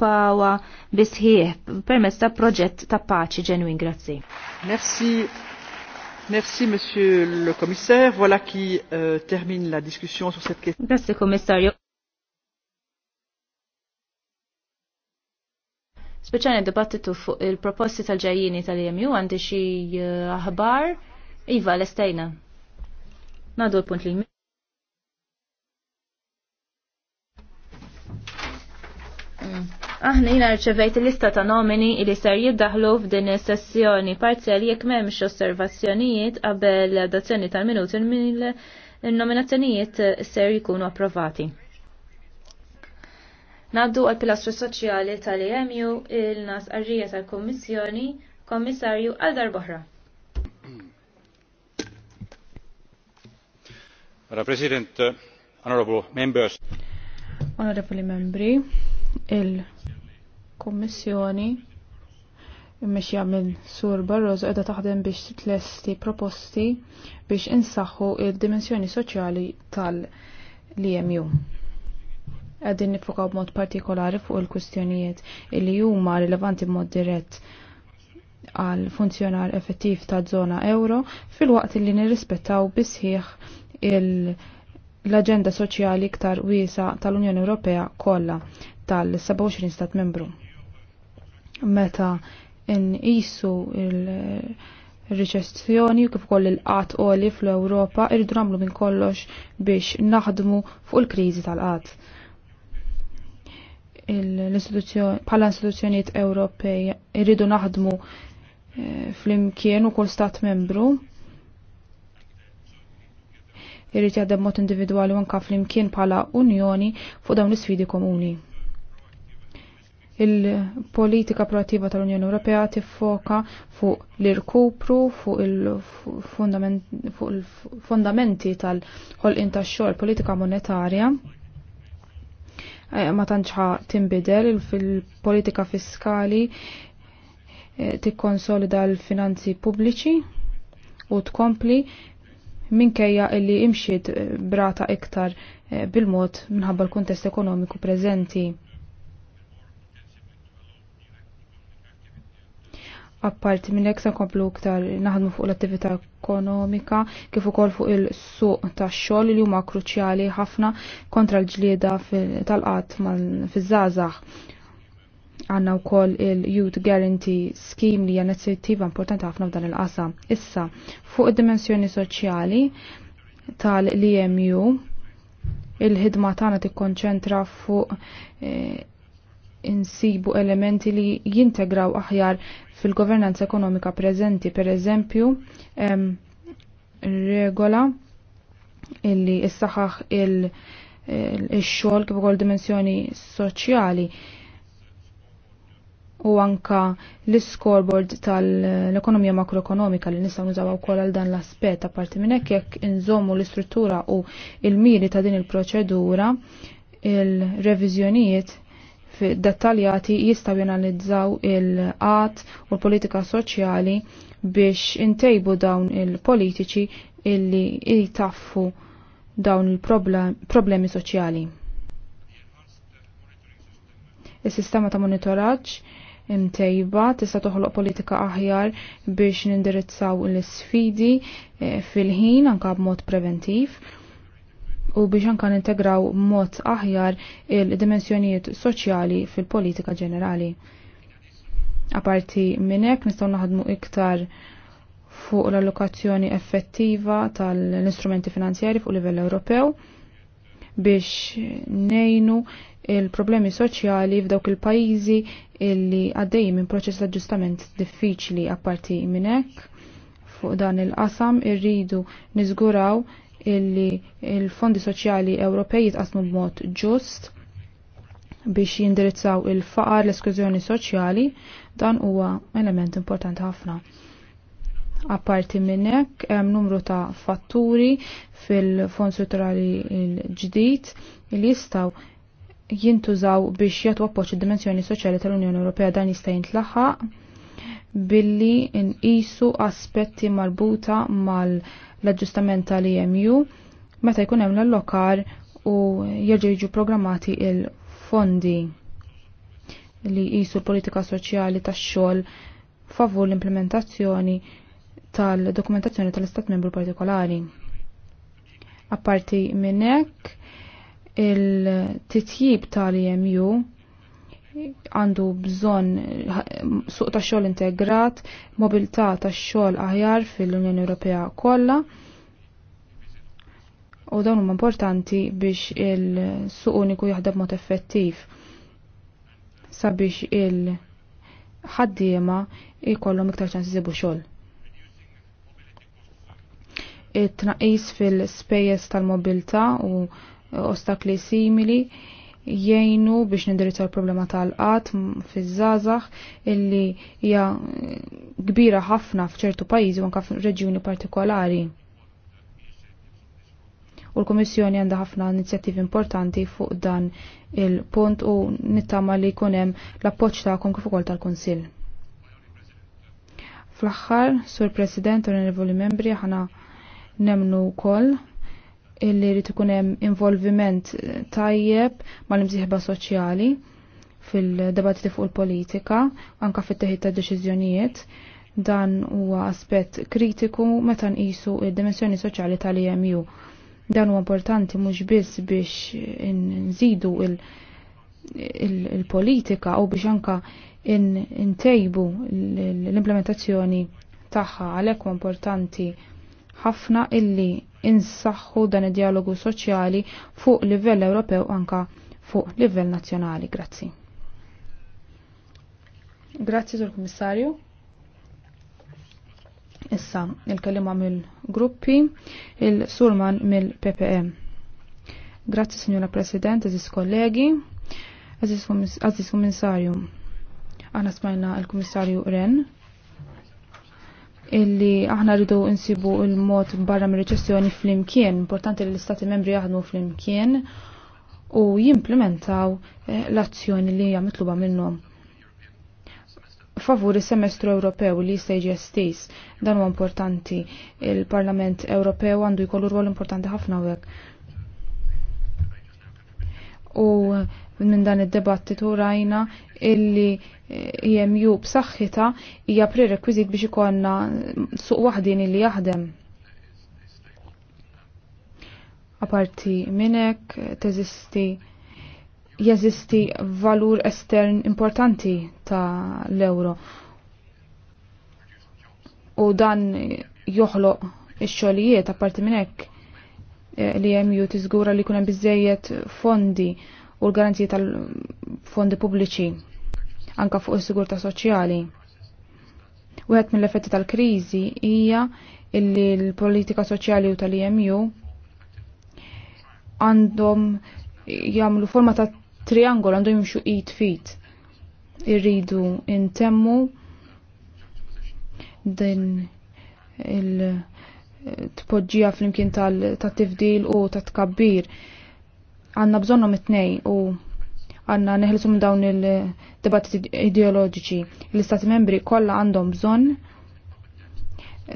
pawa bisħieħ permess ta' proġett ta' paċi ġenwin. Grazzi. Merci. Merci, Monsieur le Commissaire. Voilà qui euh, termine la discussion sur cette question. Merci, Commissario. Speċjalment dibattitu fuq il-proposti tal-ġajjini tal-EMU għandi xi uh, aħbar. Iva, l-estejna. Nadu l-punt li Mm. Aħna jina rċevejt lista ta' nomini li ser jiddaħlu f'din is-sessjoni parzjali jekk m'hemmx osservazzjonijiet qabel dazzjoni tal-minuti il-nominazzjonijiet ser jkunu approvati. Naddu għal pilastru soċjali tal-EMU il-nas arrija tal-Kommissjoni, Kommissarju Aldar Bohra. Madam President, Honorable Members. Honorable Membri, il-Kommissjoni mexja jagħmel Sur Barroso qiegħda taħdem biex titlesti proposti biex insaħħu il-dimensjoni soċjali tal-EMU. Qegħdin nifokaw b'mod partikolari fuq il kwistjonijiet li huma rilevanti b'mod dirett għal funzjonar effettiv ta' zona euro fil-waqt li nirrispettaw bisħiħ il- l-agenda soċjali iktar wiesa tal-Unjoni Ewropea kollha tal-27 stat membru. Meta nqisu il-reċessjoni kif ukoll il-qatt oli fl-Ewropa irridu nagħmlu minn kollox biex naħdmu fuq il-kriżi tal-qatt. Pala istituzzjonijiet Ewropej irridu naħdmu eh, fl-imkien u kull stat membru irrid jaħdem mod individwali fl flimkien bħala Unjoni fuq dawn l-isfidi komuni. Il-politika proattiva tal-Unjoni Ewropea tiffoka fuq l-irkupru, fuq il-fondamenti tal-ħolqin tax-xogħol politika monetarja eh, ma tantxa timbidel fil-politika fiskali eh, tikkonsolida l-finanzi pubbliċi u tkompli minkejja illi imxiet brata iktar eh, bil-mod minħabba l-kuntest ekonomiku preżenti. apparti minn hekk se nkomplu iktar naħdmu fuq l-attività ekonomika kif ukoll fuq il-suq tax-xogħol li huma kruċjali ħafna kontra l-ġlieda tal-qatt fiż-żgħażagħ. Għanna wkoll il-Youth Guarantee Scheme li hija net-sittiva importanti ħafna f'dan il-qasam. Issa, fuq id-dimensjoni soċjali tal-EMU, il-ħidma tagħna tikkonċentra fuq eh, insibu elementi li jintegraw aħjar fil-governanza ekonomika preżenti, per eżempju, regola illi issaħħaħ il-xogħol kif ukoll dimensjoni soċjali u anka l-scoreboard tal-ekonomija makroekonomika li nistgħu nużaw wkoll għal dan l-aspett apparti minn hekk jekk inżommu l-istruttura u l-miri ta' din il-proċedura il-reviżjonijiet dettaljati jistaw jenalizzaw il-qat u l-politika soċjali biex intejbu dawn il-politiċi illi jitaffu dawn il-problemi soċjali. Il-sistema ta' monitoraġġ imtejba tista' toħloq politika aħjar biex nindirizzaw l-sfidi eh, fil-ħin anka b'mod preventiv u biex anka integraw mod aħjar il-dimensjonijiet soċjali fil-politika ġenerali. Aparti minn hekk nistgħu naħdmu iktar fuq l-allokazzjoni effettiva tal-instrumenti finanzjari fuq livell Ewropew biex nejnu il-problemi soċjali f'dawk il-pajjiżi illi għaddej minn proċess ta' diffiċli apparti minn hekk fuq dan il-qasam irridu niżguraw illi il-fondi soċjali Ewropej jitqasmu b'mod ġust biex jindirizzaw il-faqar l-eskużjoni soċjali dan huwa element importanti ħafna. Apparti minn hekk hemm numru ta' fatturi fil-Fond Strutturali l-ġdid li jistgħu jintużaw biex jagħtu appoġġ id-dimensjoni soċjali tal-Unjoni Ewropea dan jista' jintlaħħaq billi nqisu aspetti marbuta mal- l-aġġustament tal-EMU meta jkun hemm l-allokar u jerġgħu jiġu programmati il-fondi li jisu l-politika soċjali tax-xogħol favur l-implementazzjoni tal-dokumentazzjoni tal-istat membru partikolari. Apparti minn hekk il-titjib tal-EMU għandu bżon suq ta' xogħol integrat, mobilità ta' xogħol aħjar fil-Unjoni Ewropea kollha. U dawn huma importanti biex il-suq uniku jaħdem mod effettiv sabiex il-ħaddiema jkollhom iktar ċans jsibu xogħol it-tnaqis fil-spejjeż tal-mobilità u ostakli simili jgħinu biex nindirizzaw il-problema tal-qat fiż-żazax illi hija kbira ħafna f'ċertu pajjiżi u anke f'reġjuni partikolari. U l-Kummissjoni għandha ħafna inizjattivi importanti fuq dan il-punt u nittama li jkun hemm l-appoġġ tagħkom kif ukoll tal-Kunsill. Fl-aħħar, Sur President u Onorevoli Membri, ħana nemnu wkoll illi rrit ikun hemm involviment tajjeb mal-imsieħba soċjali fil-debattiti fuq il-politika, anka fit-teħid ta' deċiżjonijiet, dan huwa aspett kritiku meta nqisu id-dimensjoni soċjali tal-EMU. Dan huwa importanti mhux biss biex nżidu il-politika u biex anka intejbu l-implementazzjoni tagħha għalhekk huwa importanti ħafna illi insaħħu dan id-dialogu soċjali fuq livell Ewropew anka fuq livell nazzjonali. Grazzi. Grazzi sul kummissarju Issa, il-kelima mill-gruppi, il-surman mill-PPM. E. Grazzi, signora President, eżis kollegi, aziz kummissarju. Għana smajna il-kummissarju Ren illi aħna rridu insibu il-mod barra mir reċessjoni fl-imkien, importanti li l-istati membri jaħdmu fl-imkien u jimplementaw eh, l-azzjoni li hija mitluba minnhom. Favur is-semestru Ewropew li jista' jiġi estiż, dan huwa importanti. Il-Parlament Ewropew għandu jkollu rwol importanti ħafna hekk. U minn dan id-debattitu rajna illi EMU b'saħħitha hija prerequisit biex ikonna suq waħdin li jaħdem. Aparti minnek teżisti jeżisti valur estern importanti ta' l-euro. U dan joħloq ix-xogħlijiet apparti minn hekk e, li jemju tiżgura li kunem bizzejiet fondi u l-garanzija tal-fondi pubbliċi anka fuq is-sigurtà soċjali. Wieħed mill-effetti tal-kriżi hija illi l-politika soċjali u tal imu għandhom jagħmlu forma ta' triangol għandhom jimxu eat fit. Irridu intemmu din il-tpoġġija fl-imkien tal-tifdil u tat-tkabbir. Għanna bżonnom it tnejn u għanna neħilsu minn dawn il-debatti ideoloġiċi. L-istati membri kollha għandhom bżonn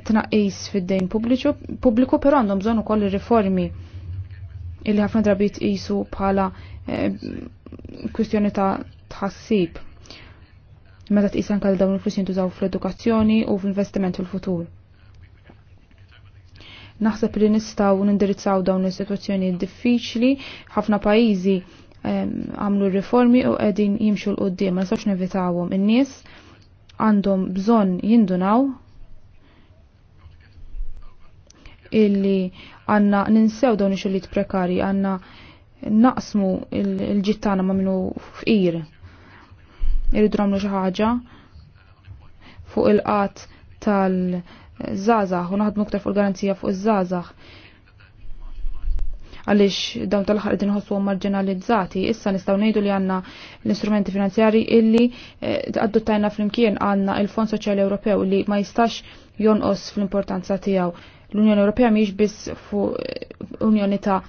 tnaqqis fid-dejn pubbliku, però għandhom bżonn ukoll ir-riformi illi ħafna drabit qisu bħala eh, kwistjoni ta' tħassib. Meta tqis anke dawn il-flus jintużaw fl-edukazzjoni u fl-investiment fil-futur. Naħseb li nistgħu nindirizzaw dawn is-sitwazzjoni diffiċli ħafna pajjiżi għamlu riformi u qegħdin jimxu l qoddim ma nistax nevitawhom. In-nies għandhom bżonn jindunaw illi għanna ninsew dawn li xogħlijiet prekarji għandna naqsmu il-ġittana ma minnu fqir. Irridu nagħmlu xi ħaġa fuq il qat tal-żazax u naħdmu aktar fuq il-garanzija fuq iż-żazax għaliex dawn tal-ħar din ħossu marginalizzati. Issa nistgħu ngħidu li għandna l instrumenti finanzjari illi għadduttajna eh, flimkien għandna il-Fond Soċjali Ewropew li ma jistax jonqos fl-importanza tiegħu. L-Unjoni Ewropea mhijiex biss fuq eh, Unjoni ta'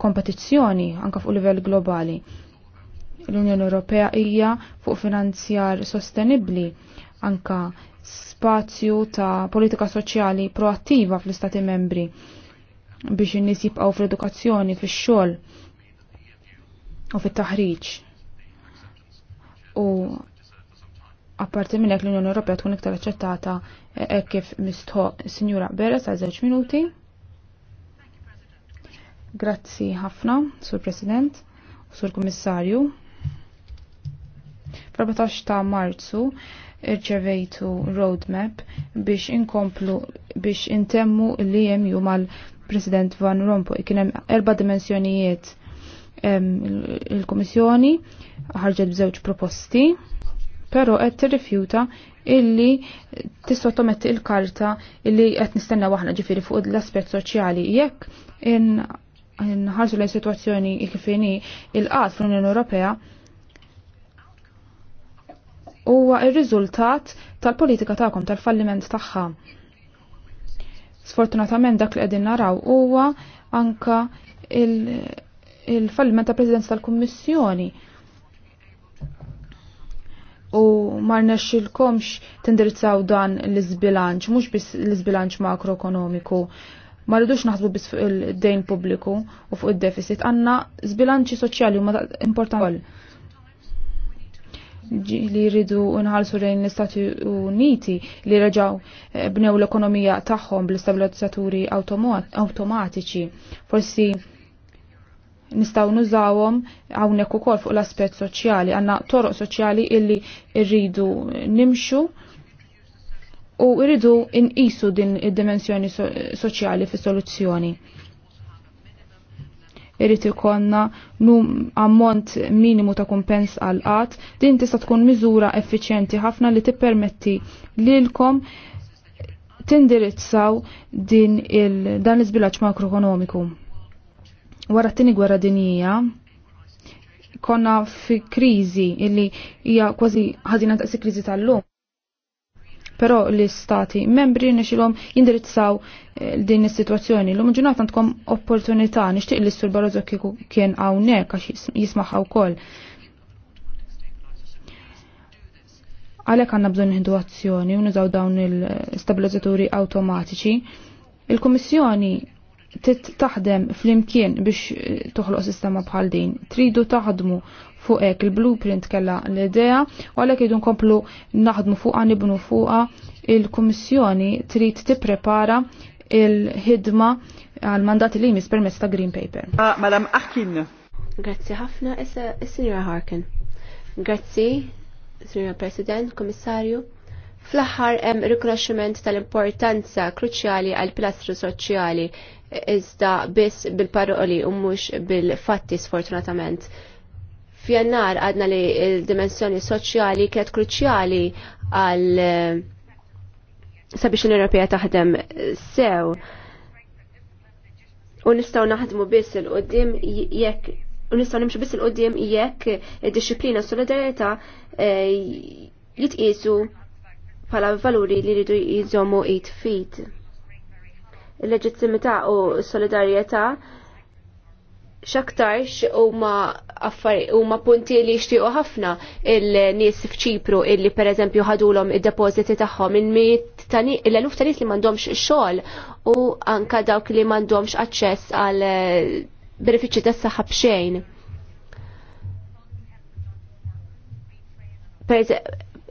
kompetizzjoni anka fuq livell globali. L-Unjoni Ewropea hija fuq finanzjar sostenibbli anka spazju ta' politika soċjali proattiva fl-Istati membri biex in-nies jibqgħu fl-edukazzjoni, fix-xogħol u fit-taħriġ. U apparti minn hekk l-Unjoni Ewropea tkun iktar aċċettata hekk e, kif mistħoq Sinjura Beres għal żewġ minuti. Grazzi ħafna, Sur President Sur Kummissarju. Fl-14 ta' Marzu irċevejtu roadmap biex inkomplu biex intemmu l-EMU mal President Van Rompuy kien hemm erba' dimensjonijiet il-Kummissjoni ħarġet b'żewġ proposti, però qed tirrifjuta illi tissottometti il-karta illi qed nistenna waħna ġifiri fuq l-aspett soċjali jekk nħarsu lejn situazzjoni kifini il qad fl-Unjoni Ewropea huwa ir-riżultat tal-politika tagħkom tal-falliment tagħha. Sfortunatament dak li qegħdin naraw huwa anka il-falliment il ta' Presidenza tal-Kummissjoni u il-komx tindirizzaw dan l-izbilanċ, mhux biss l-izbilanċ makroekonomiku. Ma rridux naħsbu biss fuq il-dejn pubbliku u fuq id deficit għandna zbilanċi soċjali huma importanti li jridu nħalsu lejn l-Istati Uniti li reġaw eh, bnew l-ekonomija tagħhom bl-istabilizzaturi awtomatiċi. Forsi nistaw nużawhom hawnhekk ukoll fuq l-aspett soċjali, għandna toroq soċjali illi rridu nimxu u rridu inqisu din id-dimensjoni soċjali fis-soluzzjoni irrit ikonna ammont minimu ta' kumpens għal qatt, din tista' tkun miżura effiċjenti ħafna li tippermetti lilkom tindirizzaw din il dan l-iżbilanċ makroekonomiku. Wara t-tieni gwerra dinija, konna fi krizi illi hija kważi ħażina ta' kriżi tal-lum però l-istati membri nixilhom jindirizzaw eh, din is-sitwazzjoni. L-lum ġunat għandkom opportunità nixtieq li sur Barroso kieku kien hawnhekk għax jismaħħa kol. Għalhekk għandna bżonn nieħdu azzjoni u nużaw dawn il-stabilizzaturi awtomatiċi. Il-Kummissjoni taħdem fl-imkien biex toħloq sistema bħal din. Tridu taħdmu fuq ek il-blueprint kella l-idea u għalhekk idu nkomplu naħdmu fuqha nibnu fuqha il-Kummissjoni trid tipprepara il-ħidma għal mandat li jmiss permezz ta' Green Paper. Ah, Madam Akin. Grazzi ħafna, issa Sinjora Harkin. Grazzi, Sinjora President, Komissarju. Fl-aħħar hemm rikonoxximent tal-importanza kruċjali għal pilastru soċjali iżda biss bil-paroli u mhux bil-fatti sfortunatament. Fjannar għadna li il-dimensjoni soċjali kiet kruċjali għal sabiex l-Europea taħdem sew. U nistaw naħdmu biss il-qoddim jekk u nistaw nimxu biss il-qoddim jekk id-disciplina solidarieta eh, jitqisu bħala valuri li rridu jżommu 8 Il-leġittimità u solidarjetà xaktarx u ma punti li xtiqo ħafna il-nies fċipru illi per eżempju ħadulhom id depoziti tagħhom minn mit l-eluf ta' nies li m'għandhomx xogħol u anka dawk li m'għandhomx aċċess għal eh, benefiċi tas-saħħa b'xejn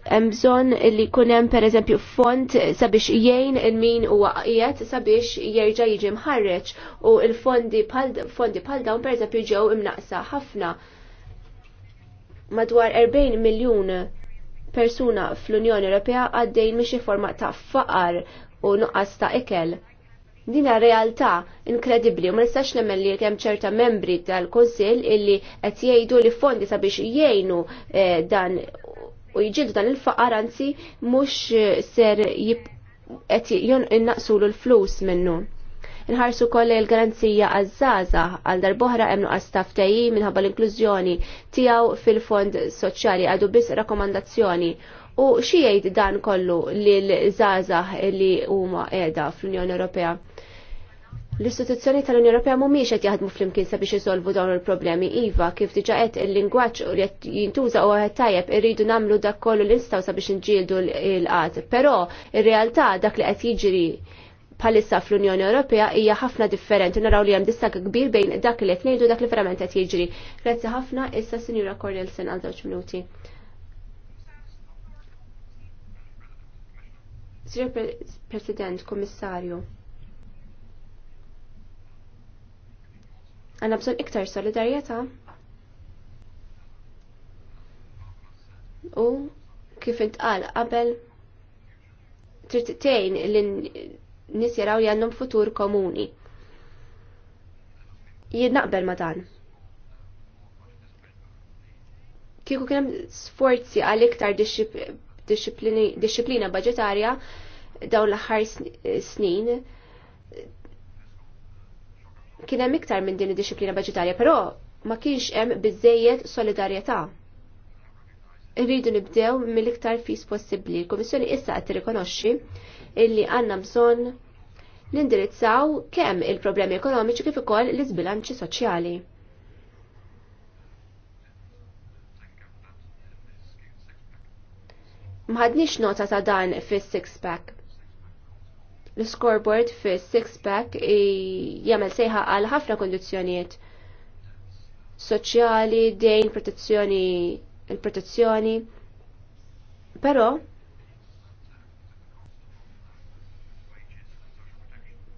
hemm bżonn li jkun hemm pereżempju font sabiex jgħin il min huwa qiegħed sabiex jerġa' jiġi mħarreġ u l-fondi fondi bħal dawn eżempju ġew imnaqsa ħafna madwar 40 miljun persuna fl-Unjoni Ewropea għaddejn miexi forma ta' faqar u nuqqas ta' ikel. Dina realtà inkredibli u ma nistax nemmen li hemm ċerta membri tal-Kunsill illi qed jgħidu li fondi sabiex jgħinu eh, dan u jġildu dan il-faqar anzi mux ser innaqsu l-flus minnu. Nħarsu koll il-garanzija għazzaza għal darboħra emnu għastaf teji minħabba l-inklużjoni tijaw fil-fond soċjali għadu bis rakomandazzjoni u jgħid dan kollu li l-zaza li huma edha fl-Unjoni Ewropea L-istituzzjoni tal-Unjoni Ewropea mhumiex qed jaħdmu flimkien sabiex isolvu dawn il-problemi iva kif diġà qed il-lingwaġġ u qed jintuża u qed tajjeb irridu nagħmlu dak kollu l instaw sabiex inġieldu l-qatt. Però ir-realtà dak li qed jiġri bħalissa fl-Unjoni Ewropea hija ħafna differenti naraw li hemm distak kbir bejn dak li qed ngħidu dak li verament qed jiġri. Grazzi ħafna issa Sinjura Cornelsen għal żewġ minuti. Sir President, Komissarju, Għanna bżon iktar solidarjetà u kif intqal qabel tejn li nis jaraw li għandhom futur komuni. Jien naqbel ma dan. Kieku kienem sforzi għal iktar disciplina budgetarja dawn l-aħħar snin, kien hemm iktar minn din id-disciplina budġetarja, però ma kienx hemm biżejjed solidarjetà. Irridu nibdew mill-iktar fis possibbli. Il-Kummissjoni issa qed tirrikonoxxi illi għandna bżonn nindirizzaw kemm il-problemi ekonomiċi kif ukoll l-iżbilanċi soċjali. Mħadniex nota ta' dan fis-six pack l-scoreboard fi six pack jamel sejħa għal ħafna kondizzjonijiet soċjali, dejn, protezzjoni, il-protezzjoni. Però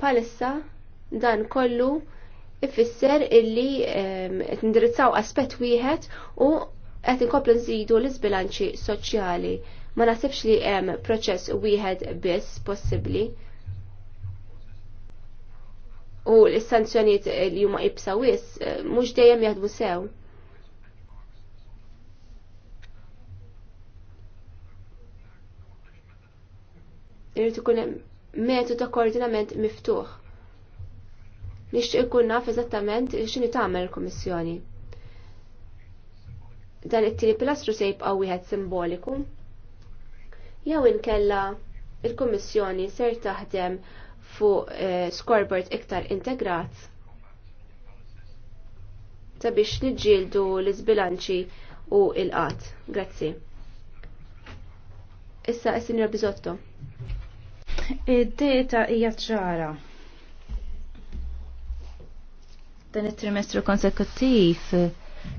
palissa dan kollu ifisser illi ehm, qed indirizzaw aspett wieħed u qed inkomplu nżidu l-isbilanċi soċjali. Ma nasibx li hemm proċess wieħed biss possibbli u l-sanzjoniet li huma ibsa wis eh, mhux dejjem jaħdmu sew. Irid ikun hemm metodu ta' koordinament miftuħ. Nixtieq ikun naf eżattament x'inhi tagħmel il-Kummissjoni. Dan it-tieni pilastru se jibqa' wieħed simboliku. Jew inkella il-Kummissjoni ser taħdem fuq eh, scoreboard iktar integrat sabiex niġġieldu l-izbilanċi u il-qat. Grazzi. Issa, s-sinjor eh, Bizotto. Id-data hija ċara. Dan it-trimestru konsekuttiv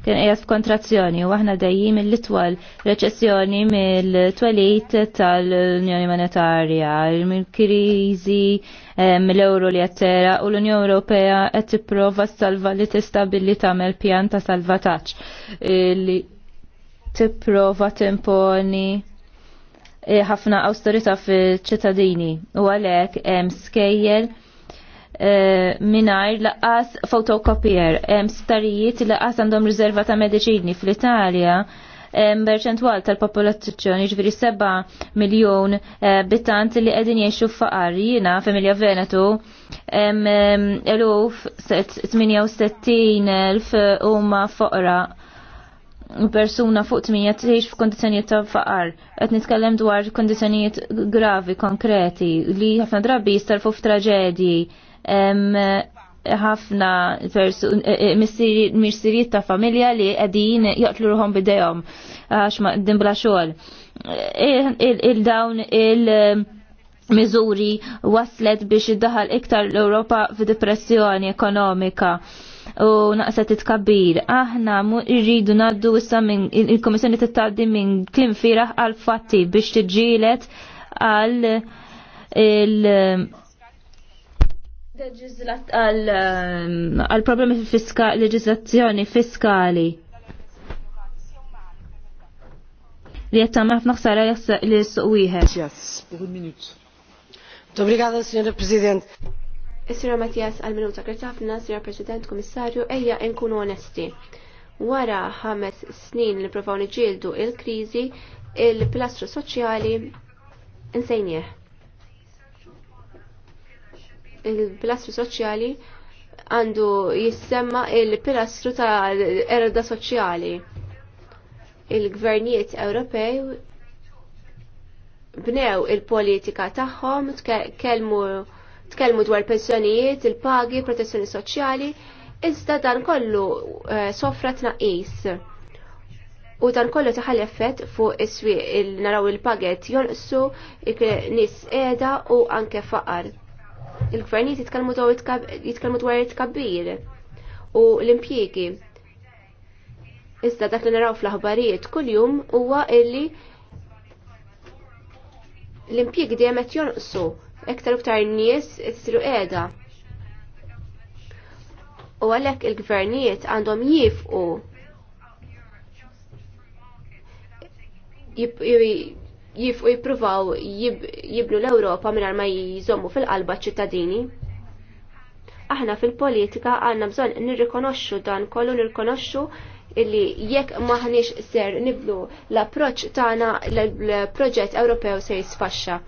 kien qiegħed kontrazzjoni u aħna dejjin mill-itwal reċessjoni mill-twelit tal-Unjoni Monetarja, mill-kriżi, mill-euro li għattera u l-Unjoni Ewropea qed tipprova salva li tistabbilli tagħmel pjan ta' salvataġġ li tipprova timponi eh, ħafna austerità fil-ċittadini u għalhekk hemm skejjel Eh, minar laqas fotokopier, starijiet laqas għandhom riserva ta' medicini fl-Italja perċentwal tal-popolazzjoni ġviri 7 miljon eh, bitant li għedin jiexu faqar jina familja Venetu eluf 68.000 huma foqra persuna fuq 8 tgħix f'kondizzjonijiet ta' faqar. Qed nitkellem dwar kondizjoniet gravi konkreti li ħafna drabi jistarfu f'traġedji ħafna eh, eh, mis-sirijiet ta' familja li għedin jaqtlu ruħom bidejom għax ma' din bla xogħol. Il-dawn eh, il- miżuri waslet biex iddaħal iktar l-Ewropa f'depressjoni ekonomika u it-kabir. Aħna rridu naddu issa minn il-Komissjoni tittaddi minn klim firaħ għal fatti biex tiġġielet għal il- Ehm, għal problemi fiskali, leġizlazzjoni fiskali. Li jettam għaf naħsara li s-suqwiħed. Yes, un minut. Dobrigada, Is-sira Mattias għal-minuta ħafna, sira President, Komissarju, eja nkunu onesti. Wara ħames snin li provaw niġildu il-krizi, il-plastru soċjali insejnieħ il-pilastru soċjali għandu jissemma il-pilastru ta' erda soċjali. Il-gvernijiet Ewropej bnew il-politika tagħhom, tkellmu dwar pensjonijiet, il-pagi, protezzjoni soċjali, iżda dan kollu eh, sofra tnaqis. U dan kollu taħal effett fuq is-swieq il naraw il-paget jonqsu, nies qiegħda u anke faqar il-gvernijiet jitkellmu dwar it-kabbir u l-impjiegi. Iżda dak li naraw fl-aħbarijiet kuljum huwa illi l-impjiegi dejjem qed jonqsu iktar iktar nies isiru qiegħda. U għalhekk il-gvernijiet għandhom jifqu jifqu jippruvaw jiblu l-Ewropa mingħajr ma jżommu fil-qalba ċittadini. Aħna fil-politika għandna bżonn nirrikonoxxu dan kollu nirrikonoxxu illi jekk maħniex ser niblu l-approċ tagħna l-proġett Ewropew se jisfaxxa.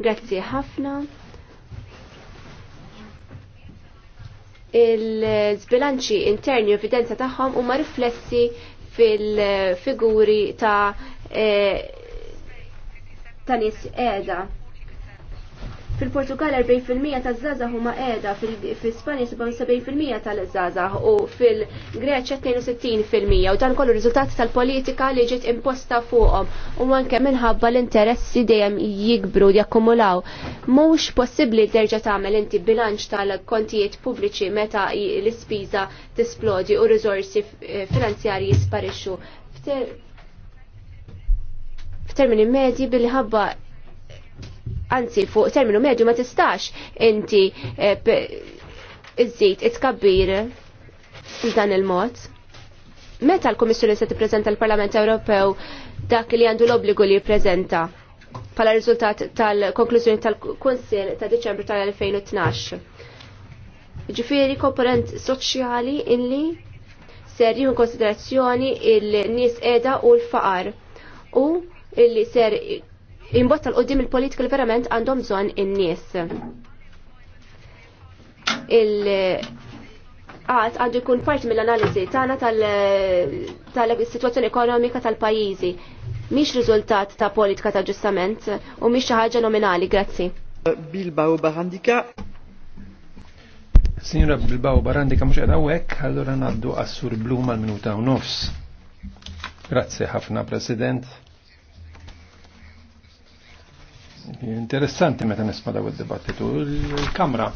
Grazzi ħafna. Il-żbilanċi interni u evidenza tagħhom huma riflessi fil-figuri ta' eh, ta' nies qiegħda. Fil-Portugal 40% ta' zaza huma qiegħda, fil-Spanja 77% tal-żaza u fil-Greċja 62% u dan kollu riżultat tal-politika li ġiet imposta fuqhom u anke minħabba l-interessi dejjem jikbru jakkumulaw. Mhux possibbli terġa' tagħmel inti bilanċ tal-kontijiet pubbliċi meta l-ispiża tisplodi u riżorsi finanzjarji jisparixxu f'termini medji billi ħabba anzi fuq terminu medju ma tistax inti eh, it-tkabbir dan il-mod. Meta l-Komissjoni se tippreżenta l-Parlament Ewropew dak li għandu l-obbligu li jippreżenta pala riżultat tal-konklużjoni tal-Kunsil ta' Diċembru tal-2012. Ġifieri komponent soċjali illi ser jieħu konsiderazzjoni il-nies qiegħda u l-faqar u illi ser imbotta l-qoddim il-politika li verament għandhom bżon in-nies. Il għad għandu jkun parti mill-analizi tagħna tal-situazzjoni ekonomika tal-pajjiżi. Mhix riżultat ta' politika ta' ġustament u mhix xi ħaġa nominali, grazzi. Bilbao Barandika. Signora Bilbao Barandika mhux qiegħda hawnhekk, allura ngħaddu għassur sur Blum għal-minuta u nofs. Grazzi ħafna President Interessanti meta nisma' daw id-dibattitu. Il-kamra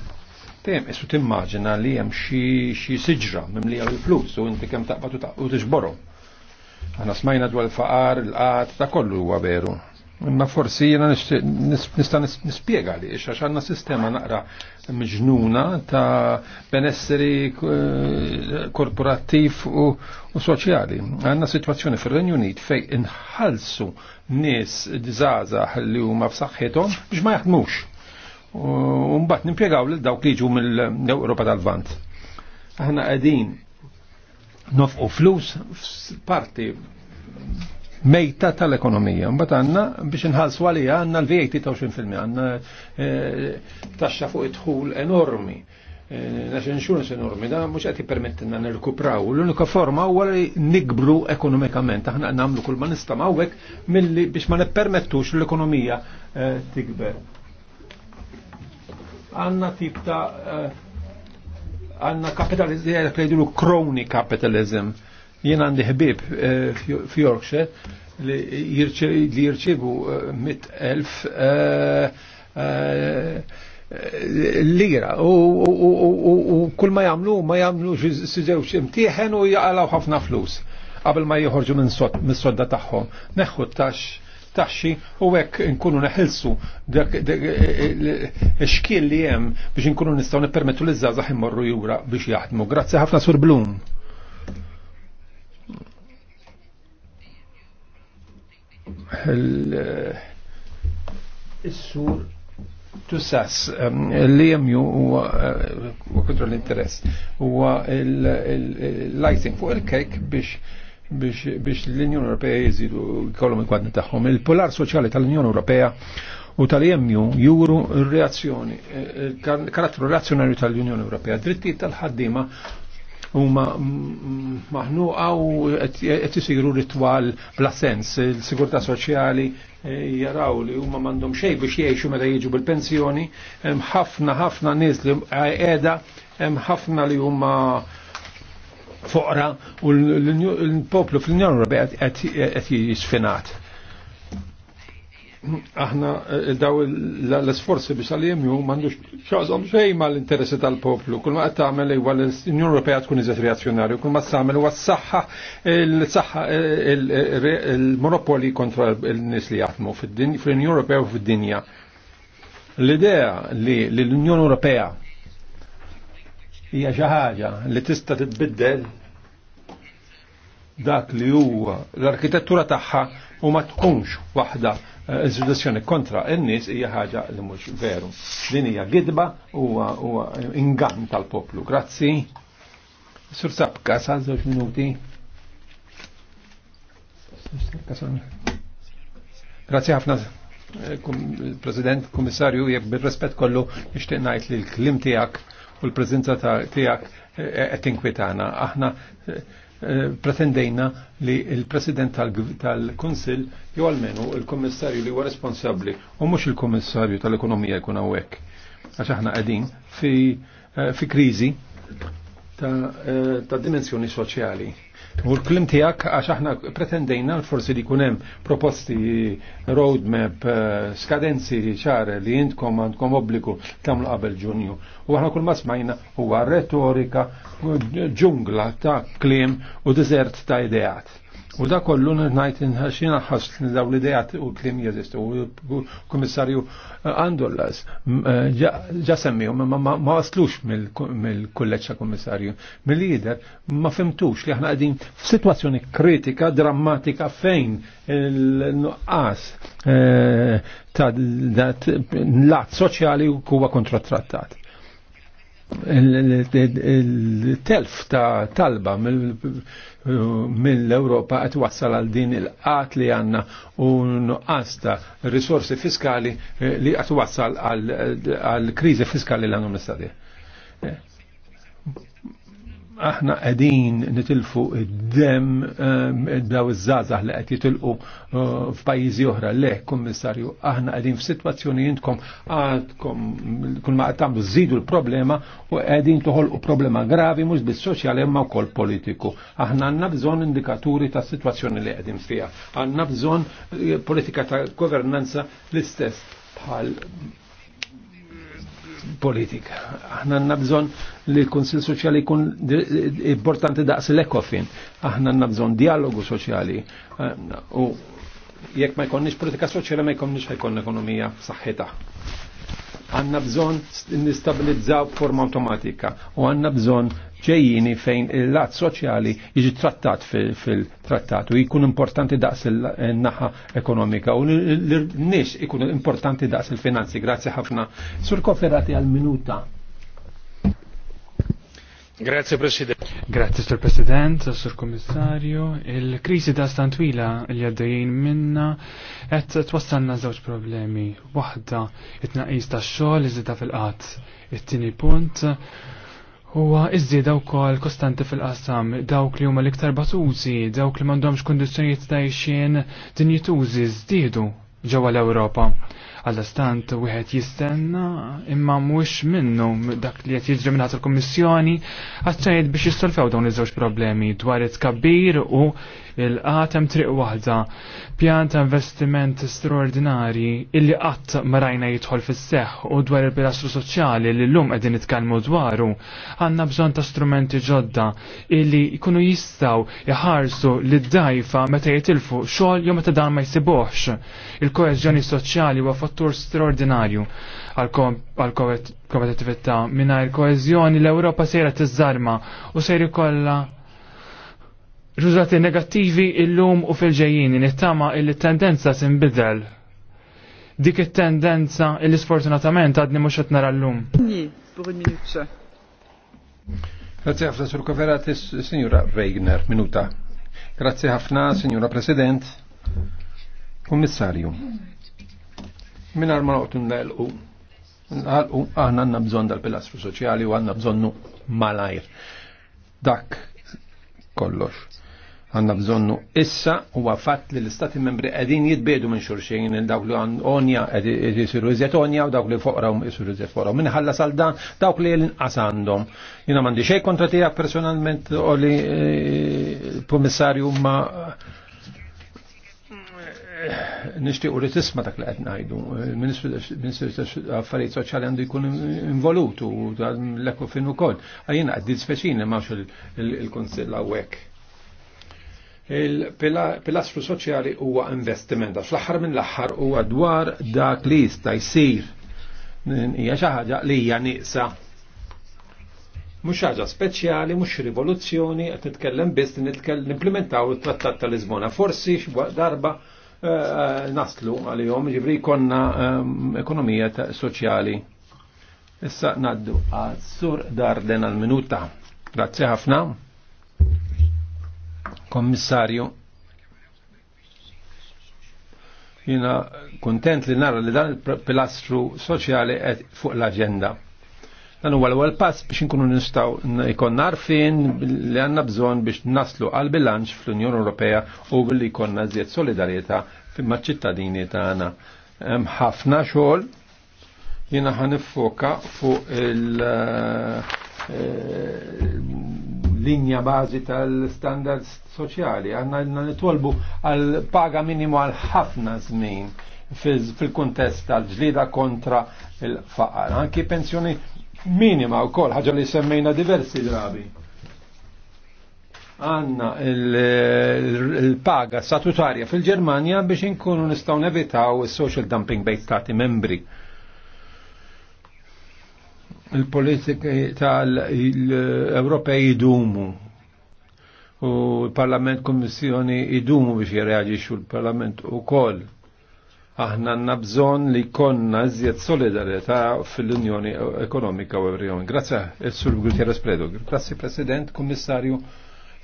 Tem, isu timmaġina li jem xie siġra mim li il-flus u inti kem taqbatu taqbatu tixborom. Għana smajna dwar il-faqar, il-qat, ta' kollu huwa veru. Ma forsi jena nista nispiega li, xax għanna sistema naqra mġnuna ta' benesseri eh, korporattiv u, soċjali. Għanna situazzjoni fil-Renju Unit fej inħalsu nis dizazax li huma f'saħħithom biex ma jaħdmux. U mbagħad nimpjegaw lil dawk li mill-Ewropa tal-Vant. Aħna qegħdin nofqu flus f'parti mejta tal-ekonomija. Mbagħad għandna biex inħallsu għalija għandna l-VAT ta' 20% għandna eh, taxxa fuq it-dħul enormi. Eh, Nax insurance enormi, da mhux qed permettina nirkupraw. L-unika forma huwa li nikbru ekonomikament. Aħna nagħmlu kull ma nista' mawek milli biex ma nippermettux l-ekonomija eh, tikber. Għanna tip ta' għanna kapitalizm, kroni crony capitalism Jien għandi ħbib eh, Yorkshire li jirċibu 100.000 eh, eh, lira u kull ma jagħmlu ma jagħmlu żewġ imtieħen u jgħalaw ħafna flus qabel ma jħorġu minn sodda tagħhom. Neħħu tax taxxi u hekk nkunu neħilsu xkien li hemm biex nkunu nistgħu nippermettu li żgħażagħ immorru jura biex jaħdmu. Grazzi ħafna Sur Blum. Eh, il-sur tussas ehm, li jemju u eh, kontrol l-interess u l-lajting fuq il-kek biex biex l-Unjoni Ewropea jizidu jkollhom il-kwadni tagħhom. Il-polar soċjali tal-Unjoni Ewropea u tal emu juru r-reazzjoni, eh, karattru reazzjonarju tal-Unjoni Ewropea, drittijiet tal-ħaddima huma maħnu għaw qed isiru ritwal bla sens. Il-sigurtà soċjali eh, jaraw li huma m'għandhom xej biex jgħixu meta jiġu bil-pensjoni, hemm ħafna ħafna nies li qiegħda, hemm ħafna li huma foqra u l-poplu fl-Unjoni Ewropea qed jisfinat aħna eh, daw l-sforzi biex għalijem ju mandux xaqsom xej ma l-interessi tal-poplu. Kull ma għat għamel huwa l-Unjoni Ewropea tkun iżet reazzjonarju, kull ma għat għamel huwa s-saxħa il-monopoli kontra l-nis li jaħdmu fil-Unjoni Ewropea u fil-dinja. L-idea li l-Unjoni Ewropea hija xi ħaġa li tista' tibbiddel dak li huwa l-arkitettura tagħha u ma tkunx waħda Eh, il kontra n nis hija ħaġa li mhux veru. Din hija gidba u ingann tal-poplu. Grazzi. Sur Sabka, sa' żewġ minuti. Grazzi ħafna. Eh, President, Komissarju, jekk bil-rispett kollu nixtieq ngħid li l-klim tiegħek u l-preżenza tiegħek eh, qed tinkwitana. Aħna pretendejna li il-President tal konsil jew almenu il-Kommissarju li huwa responsabbli u mhux il-Kommissarju tal-Ekonomija jkun hawnhekk. Għax aħna qegħdin fi, eh, kriżi eh, ta dimensjoni soċjali. U l-klim tijak, għax aħna pretendejna forsi li kunem proposti roadmap, eh, skadenzi ċar li jintkom għandkom obbligu tamlu qabel ġunju. U aħna kull masmajna smajna huwa retorika, ġungla ta' klim u dizert ta' ideat. U da kollu najt nħaxina ħas li daw l-idejat u klim jeżistu u komissarju eh, Andollas ġa eh, semmiju ma waslux mill-kulleċċa komissarju. Mill-lider ma fimtux li aħna għadin f'sitwazzjoni kritika, drammatika fejn il-nuqqas eh, ta' lat soċjali huwa kontratrattat il-telf ta' talba mill-Europa qed wassal għal din il-qat li għanna u nuqqas risorsi fiskali eh, li qed wassal għal krizi fiskali l għanum l-istadja aħna qegħdin nitilfu id-dem daw iż-żgħażagħ li qed jitilqu eh, f'pajjiżi oħra. Le, kummissarju, aħna qegħdin f'sitwazzjoni intkom għadkom kull ma tagħmlu żidu l-problema u qegħdin toħolqu problema gravi mhux biss soċjali imma wkoll politiku. Aħna għandna bżonn indikaturi ta' sitwazzjoni li qegħdin fiha. Għandna bżonn eh, politika ta' governanza l-istess bħal politika. Aħna għanna bżon li l-Konsil Soċjali kun importanti daqs l-ekofin. Aħna għanna bżon dialogu soċjali. Eh, u jekk ma jkonniex politika soċjali ma jkonniex ekonomija f'saħħitha għanna bżon nistabilizzaw forma automatika u għanna bżon ġejjini fejn il-lat soċjali jiġi trattat fil-trattat u jkun importanti daqs il-naħa ekonomika u l-nix ikun importanti daqs il-finanzi. Grazie ħafna. Sur koferati għal-minuta. Grazie President. Grazie Sir President, Sir Commissario. Il-krisi da stantwila li għaddejjien minna qed twassalna żewġ problemi. Waħda it-tnaqqis tax-xogħol iżida fil-qatt. It-tieni punt huwa iżida wkoll kostanti fil-qasam dawk li huma l-iktar batużi, dawk li m'għandhomx kundizzjonijiet din dinjitużi żdiedu ġewwa l-Ewropa u wieħed jistenna imma mux minnu dak li qed jiġri mingħajr il-Kummissjoni għaċċajt biex jistolfew dawn iż-żewġ problemi dwar it-tkabbir u il-qatem triq waħda. Pjan ta' investiment straordinari illi qatt marajna jitħol jidħol fis-seħħ u dwar il-pilastru soċjali li llum qegħdin nitkellmu dwaru għandna bżonn ta' strumenti ġodda illi jkunu jistgħu jħarsu lid-dajfa meta jitilfu xogħol jew meta dan ma jsibuhx. Il-koeżjoni soċjali huwa fattur straordinarju għal-kompetitività mingħajr koezjoni l-Ewropa sejra tiżarma u sejr ikollha ġużati negattivi lum u fil-ġejjini nittama il-tendenza sinbidel dik it-tendenza il sfortunatament għadni mhux qed nara llum. Grazie ħafna sur koverati e signora Reigner, minuta. Grazie ħafna signora President, Kommissarju. Minar ma noqtu nlaqu. Nlaqu aħna għandna bżonn dal-pilastru soċjali u għandna bżonnu malajr. Dak kollox. Għandna bżonnu issa u għafat li l-istati membri qegħdin jitbedu minn xurxin dawk li onja jisiru iżjed onja u dawk li fuqra u jisiru fuqra u Minn ħalla salda dawk li l-inqas għandhom. Jiena m'għandi xejn kontra tiegħek personalment u li pomissarju eh, ma' nishti li ritisma dak li qed ngħidu. Ministru għaffariet affarijiet Soċjali għandu jkun involut u l-ekku fin ukoll. Għajjina qed dispeċin li m'għax il konsil hawnhekk. Il-pilastru soċjali huwa investiment, għax l-aħħar minn l-aħħar huwa dwar dak li jista' jsir. Hija xi ħaġa li hija nieqsa mux ħaġa speċjali, mux rivoluzzjoni, qed nitkellem biss nitkellem implementaw il-trattat tal-Lisbona. Forsi darba Eh, naslu għalihom, ġivri konna ehm, ekonomija soċjali. Issa naddu għad-sur Darden għal-minuta. Grazie ħafna. Kommissarju. Jina kontent li nara li dan il-pilastru soċjali fuq l-agenda. Dan huwa l-ewwel pass biex inkunu nistgħu jkollna narfin li għandna bżonn biex naslu għal bilanċ fl-Unjoni Ewropea u billi jkollna żjed solidarjetà maċ-ċittadini tagħna. Hemm ħafna xogħol jiena ħanifoka fuq il eh, linja bażi tal-standards soċjali. Għandna nitolbu għal paga minimu għal ħafna żmien fil-kontest tal-ġlida kontra il-faqar. Anki pensjoni minima u kol, ħagġa li semmejna diversi drabi. Għanna il-paga statutarja fil-Germania biex inkunu nistaw nevitaw il-social dumping bejt stati membri. Il-politika tal-Ewropej idumu u l-Parlament Kommissjoni idumu biex jirreagġi l-Parlament u koll aħna għanna bżon li konna zjed solidarieta fil-Unjoni Ekonomika u Ewrijon. Grazie, il-Sur Gutierrez Predo. Grazie, President, Kommissarju.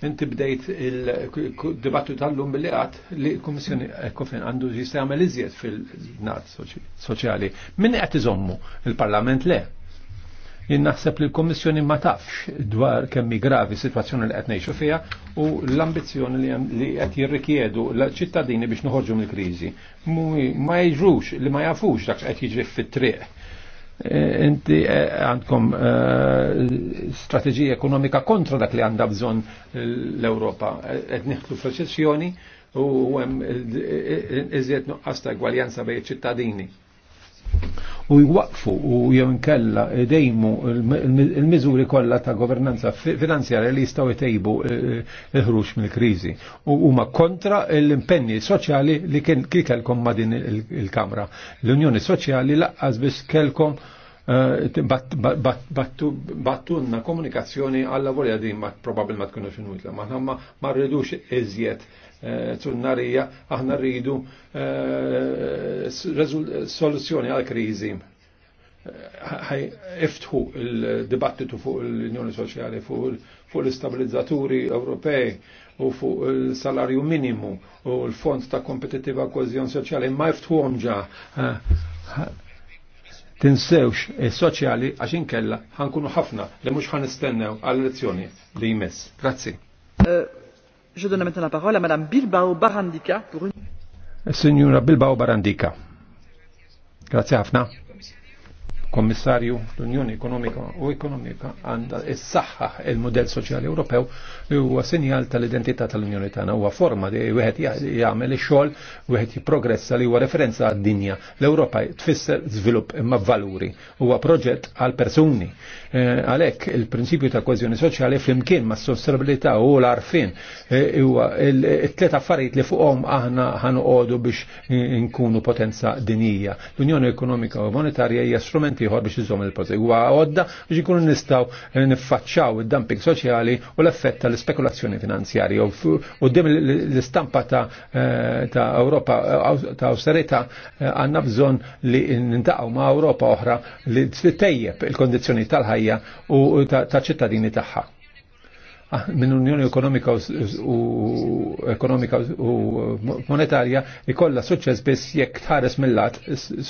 Inti bdejt il-dibattu tal-lum billi għat li l-Kommissjoni Ekofin għandu jistamel iżjed fil-nat soċjali. Min għat iżommu? Il-Parlament le? Jien naħseb li l komissjoni ma tafx dwar kemmi gravi situazzjoni li qed ngħixu fiha u l-ambizzjoni li qed jirrikjedu l-ċittadini biex noħorġu mill-kriżi. Ma jiġrux li ma jafux dak qed jiġri fit-triq. Inti għandkom strateġija ekonomika kontra dak li għandha bżonn l-Ewropa. Qed nieħdu f'reċessjoni u hemm iżjed nuqqas ta' gwaljanza bejn ċittadini u jwaqfu u jew dejmu il-miżuri kollha ta' governanza finanzjarja li jistgħu jtejbu eh, eh, il ħrux mill-kriżi. U huma kontra l-impenni soċjali li kien kelkom ma' din il-Kamra. L-Unjoni Soċjali laqqas biss kelkom eh, battunna komunikazzjoni għalla volja din ma probabil ma tkunu inutla, ma ma rridux iżjed Eh, tunnarija, aħna rridu eh, soluzzjoni għal kriżi eh, iftħu il-dibattitu fuq l-Unjoni Soċjali, fuq l-istabilizzaturi Ewropej u fuq il-salarju minimu u l-fond ta' kompetitiva kozjon soċjali, ma iftħu ġa. Tinsewx il-soċjali għaxin kella ħankunu ħafna li mux ħanistennew għall-elezzjoni li jmiss. Grazzi. Je donne maintenant la parole à Madame Bilbao Barandica pour une. Signora Bilbao Barandica. Grazie ħafna. Kommissarju, l-Unjoni Ekonomika u Ekonomika għandha issaħħaħ il-modell soċjali Ewropew li huwa sinjal tal-identità tal-Unjoni tagħna huwa forma li wieħed jagħmel ix-xogħol, wieħed jipprogressa li huwa referenza għad-dinja. L-Ewropa tfisser żvilupp imma valuri, huwa proġett għal persuni. Eh, għalhekk il-prinċipju ta' kważjoni soċjali flimkien ma' sostenibilità u l-arfin eh, huwa t-tlet affarijiet li fuqhom aħna ħanqogħdu biex nkunu potenza dinija. L-Unjoni Ekonomika u Monetarja hija strument ieħor biex iżomm il-pożi. Huwa għodda biex ikunu nistgħu niffaċċaw id-dumping soċjali u l-effett tal ispekulazzjoni finanzjarja u dim l-istampa ta' eh, Ewropa eh, ta' awsterità eh, għandna bżonn li nintaqgħu ma' Ewropa oħra li tejjeb il-kondizzjoni tal-ħajja u ta' ċittadini tagħha. Ah, minn Unjoni Ekonomika u Ekonomika u Monetarja ikolla suċċess biss jekk tħares mill-lat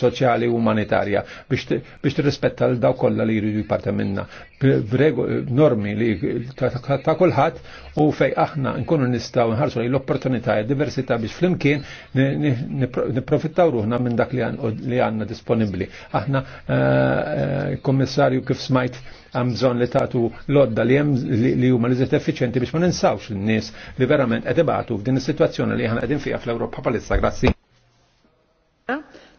soċjali u umanitarja biex tirrispetta l daw kollha li jridu jparta minna normi li ta' kulħadd u fej aħna nkunu nistgħu nħarsu l opportunità e diversità biex flimkien nipprofittaw ruħna minn dak li għandna disponibbli. Aħna eh, eh, kommissarju kif smajt għam bżon li tagħtu lodda li jem li huma li effiċenti biex ma ninsawx lin-nies li verament qed ibatu f'din is-sitwazzjoni li aħna qegħdin fiha fl-Ewropa palissa. Grazzi.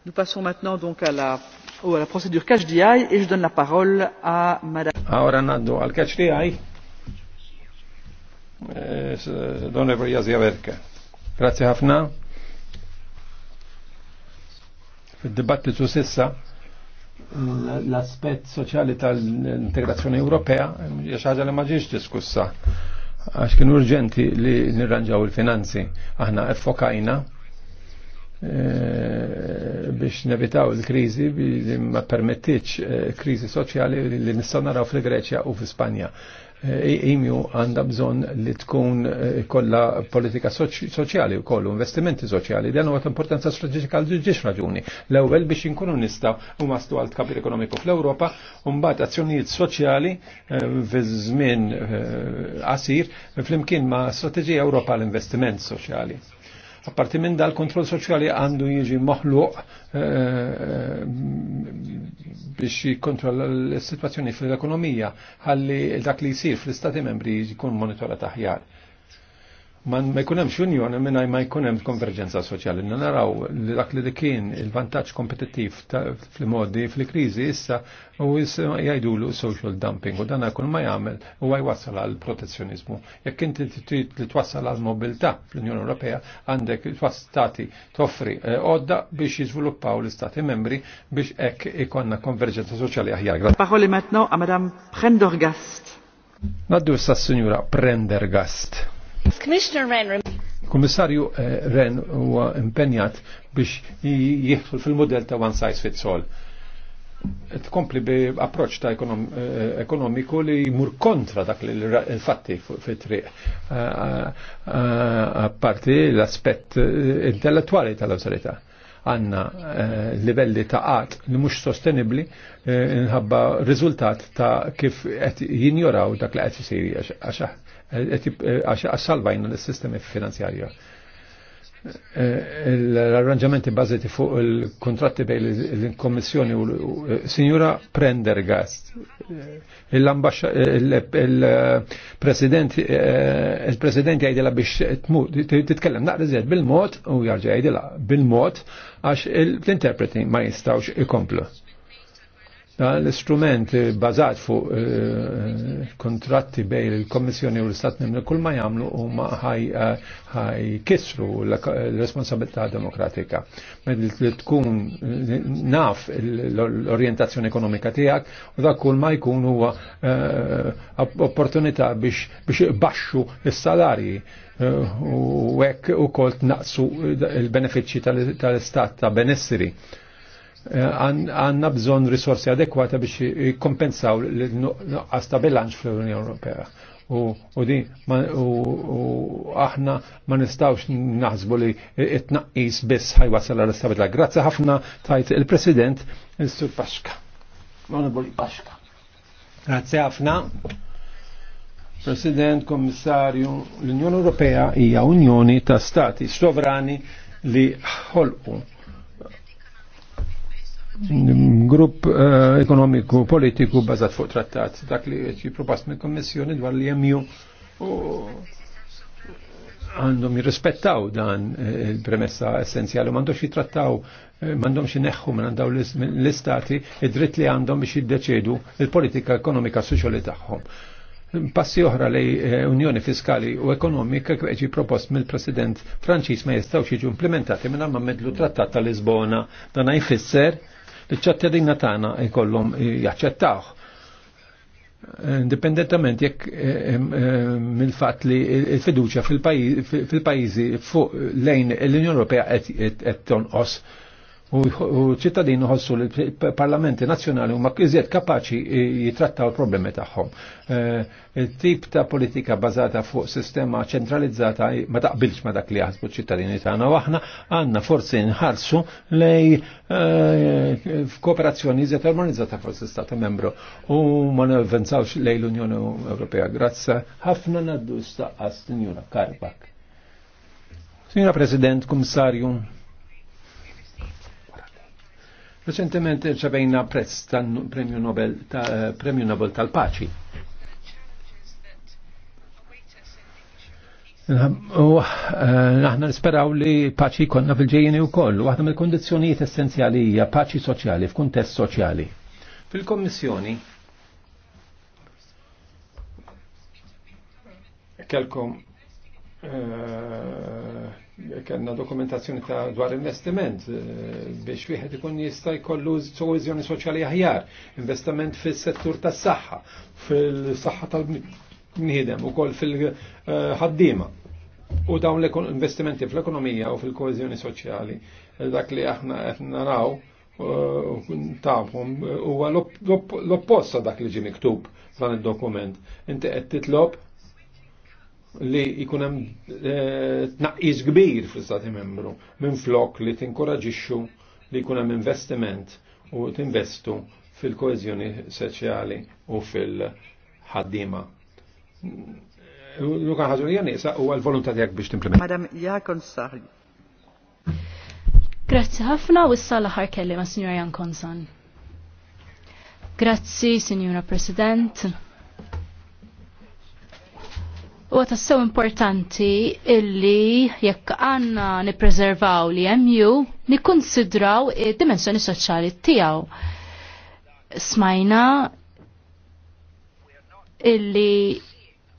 Nous passons maintenant donc à la u għala procedur catch di je donne la parole a madame. Għawra ah, nando al catch di għaj. Eh, don Evro Jazjaverka. Grazie Hafna. Il dibattito su l l'aspetto sociale tal europea, Ewropea eh, ħaġa già la magistra diskussa għax kien urġenti li nirranġaw il-finanzi. Aħna effokajna Eh, biex nevitaw il-krizi li ma permettiċ eh, krizi soċjali li nistaw naraw fil-Greċja u fil-Spanja. Eh, Imju għanda bżon li tkun kolla politika soċjali u kollu, investimenti soċjali, dan huwa importanza strategika għal ġiex raġuni. L-ewwel biex inkunu nistaw u mastu għal kapir ekonomiku fl-Ewropa, u mbagħad azzjonijiet soċjali fi żmien qasir flimkien ma' strateġija Ewropa l-investiment soċjali Apparti minn dal kontroll soċjali għandu jiġi moħluq eh, eh, biex jikontrolla l-situazzjoni fl-ekonomija għalli dak li jisir fl-istati membri jkun monitorat aħjar. Man ma jkunem xunjoni minnaj ma jkunem konverġenza soċjali. Naraw li dak li kien il-vantaġġ kompetittiv fil-modi fil-kriżi issa u l social dumping u dan kull ma jagħmel u jwassal għal protezzjonizmu. Jekk inti li twassal għal mobilità fl-Unjoni Ewropea għandek stati toffri eh, għodda biex jiżviluppaw l-istati membri biex hekk ikonna konverġenza soċjali aħjar. Paħoli metno għamadam Prendergast. Naddu sa' s-Sinjura Prendergast. Kummissarju eh, Ren huwa impenjat biex jieħdu fil-modell ta' one size fits all. Tkompli bi approċ ta' eh, ekonomiku li jmur kontra dak li l-fatti fit-triq. Parti l-aspett eh, intellettuali tal-awtorità għanna livelli ta' għat li mux sostenibli nħabba rizultat ta' kif jinjoraw dak li għat jisiri Eh, għax salvajna l-sistemi finanzjarja. Eh, l-arranġamenti bazzati fuq il-kontratti bej l-Kommissjoni u eh, Signora Prendergast, il-President il-President jgħidila biex titkellem naqra zjed bil-mod u jarġa jgħidila bil-mod għax l-interpreti ma jistawx ikomplu. L-istrument bazat fuq eh, kontratti bej il-Kommissjoni u l-Istat Membri kull ma jagħmlu huma ħaj eh, kisru l-responsabilità demokratika. Li tkun eh, naf l-orjentazzjoni ekonomika tiegħek u da kull ma jkun huwa opportunità biex baxxu s-salarji u hekk ukoll naqsu il-benefiċċji tal-istat ta' benessiri. Eh, għanna bżon risorsi adekwata biex kompensaw l-nuqqas ta' bilanċ fl-Unjoni Ewropea. U di, aħna ma nistawx naħsbu li it-naqqis biss ħajwasal għal istabilla. Grazzi ħafna tajt il-President, il-Sur Paxka. Onorevoli Paxka. Grazzi ħafna. President, Kommissarju, l-Unjoni Ewropea hija Unjoni ta' Stati sovrani li ħolqu grupp eh, ekonomiku politiku bazat fuq trattat dak li qed propost mill-Kommissjoni dwar li jemmju għandhom jirrispettaw dan eh, il-premessa essenzjali, u m'għandhomx jitrattaw, eh, m'għandhomx ineħħu minn għandaw l-istati id-dritt li għandhom biex jiddeċedu il-politika ekonomika soċjali tagħhom. Passi oħra li Unjoni Fiskali u Ekonomika kif propost mill-President Franċis ma jistgħux jiġu implementati minn ma medlu trattat tal Lisbona. Dan jfisser l-ċattadina tagħna jkollhom jaċċettawh indipendentament jekk eh, eh, mill-fatt li l-fiduċja fil-pajjiżi fuq lejn l-Unjoni Ewropea qed tonqos u ċittadini ħossu li parlamenti nazjonali huma iżjed kapaċi jitrattaw il-problemi tagħhom. Eh, Il-tip ta' politika bazata fuq sistema ċentralizzata ma taqbilx ma dak li jaħsbu ċittadini tagħna u aħna għandna forsi nħarsu lej f'kooperazzjoni eh, iżjed armonizzata forsi stata membru u ma nevvenzawx lej l-Unjoni Ewropea. Grazza ħafna naddu staqqas Sinjura Karbak. Signora President, Kummissarju, Reċentement ċabejna prezz tal-Premju eh, Nobel tal-Paċi. Naħna eh, nisperaw li paċi konna fil-ġejjeni u koll, waħda mill kondizzjonijiet essenzjali hija paċi soċjali, f'kuntest soċjali. fil komissjoni kelkom eh, kellna dokumentazzjoni ta' dwar investiment eh, biex wieħed ikun jista' jkollu sowiżjoni soċjali aħjar, investiment fis-settur tas-saħħa, fil-saħħa tal-bniedem ukoll fil-ħaddiema. U dawn l-investimenti fl-ekonomija u fil-koeżjoni soċjali eh, dak li aħna qed naraw eh, tafhom huwa l-opposta dak li ġie miktub dan id-dokument. Inti qed titlob li jkun hemm eh, tnaqqis kbir fl-Istati Membru minn flok li tinkoraġixxu li jkun hemm investiment u tinvestu fil koezjoni soċjali u fil ħaddima Luka ħaġu janisa u għal-volontà tiegħek biex timplement. Madam jgħakon saħli. Grazzi ħafna u issa l ħar kelli ma' Sinjora Jan Konsan. Grazzi, Signora President. U tassew importanti illi jekk għanna nipreservaw li jemju, nikonsidraw id-dimensjoni soċjali tijaw. Smajna illi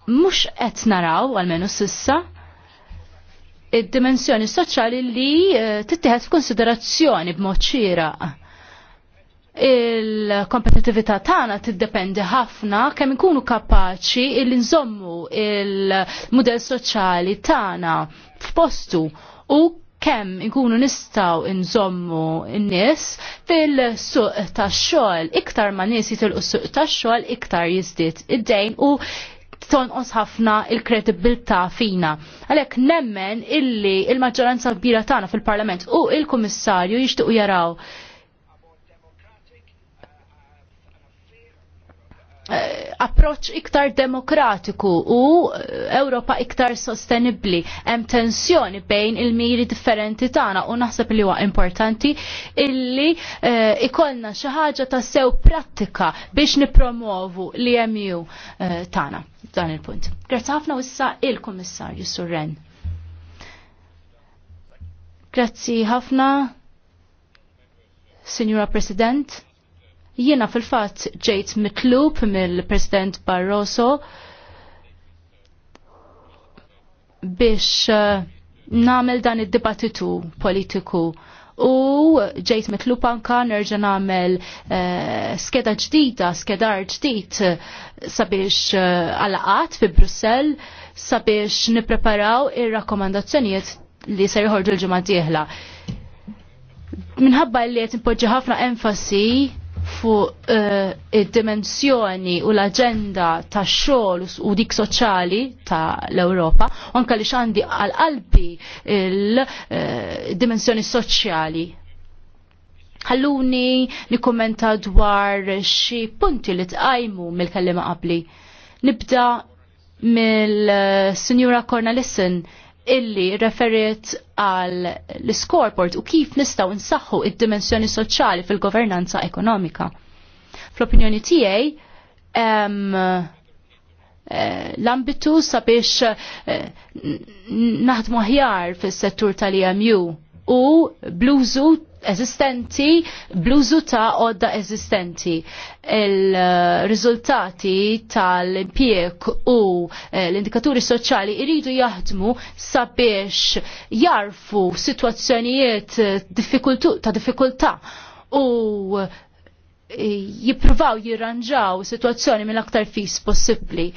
mux qed naraw, għalmenu sissa, id-dimensjoni soċjali li eh, tittieħed f'konsiderazzjoni b'mod xieraq il-kompetitività tagħna tiddependi ħafna kemm ikunu kapaċi il nżommu il-mudell soċjali tagħna f'postu u kemm ikunu nistaw nżommu n-nies fil-suq tax-xogħol. Iktar ma nies jitilqu suq tax-xogħol iktar jiżdied id-dejn u tonqos ħafna il-kredibilità fina. Għalhekk nemmen illi il-maġġoranza kbira tagħna fil-Parlament u il-Kummissarju jixtiequ jaraw Eh, approċ iktar demokratiku u eh, Ewropa iktar sostenibli. Hemm tensjoni bejn il-miri differenti tagħna u naħseb li huwa importanti illi uh, ikollna xi ħaġa ta' sew prattika biex nipromovu li EMU uh, tagħna dan il-punt. Grazzi ħafna issa il-Kummissarju Surren. Grazzi ħafna, Signora President. Jiena fil-fatt ġejt mitlub mill-President Barroso biex eh, namel dan id-dibattitu politiku u ġejt mitlub anka nerġa' nagħmel eh, skeda ġdida, skedar ġdid eh, sabiex għalaqat fi Brussell sabiex nippreparaw ir-rakkomandazzjonijiet li se jħorġu l-ġimgħa dieħla. Minħabba li qed ħafna enfasi fuq uh, id-dimensjoni u l-agenda ta' xogħol u dik soċjali ta' l-Ewropa, anke li xandi għal-qalbi il-dimensjoni eh, soċjali. Ħalluni nikkummenta dwar xi punti li tqajmu mill-kellima qabli. Nibda mill-Sinjura Cornelissen illi referiet għal l-scoreboard u kif nistaw nsaħħu id-dimensjoni soċjali fil-governanza ekonomika. Fl-opinjoni tiegħi eh, l-ambitu sabiex eh, naħdmu ħjar fis-settur tal-EMU u bluzu eżistenti bluzu ta' odda eżistenti. il rizultati tal-impjek u eh, l-indikaturi soċjali iridu jaħdmu sabiex jarfu situazzjonijiet eh, ta' diffikultà u eh, jippruvaw jirranġaw situazzjoni mill-aktar fis possibbli.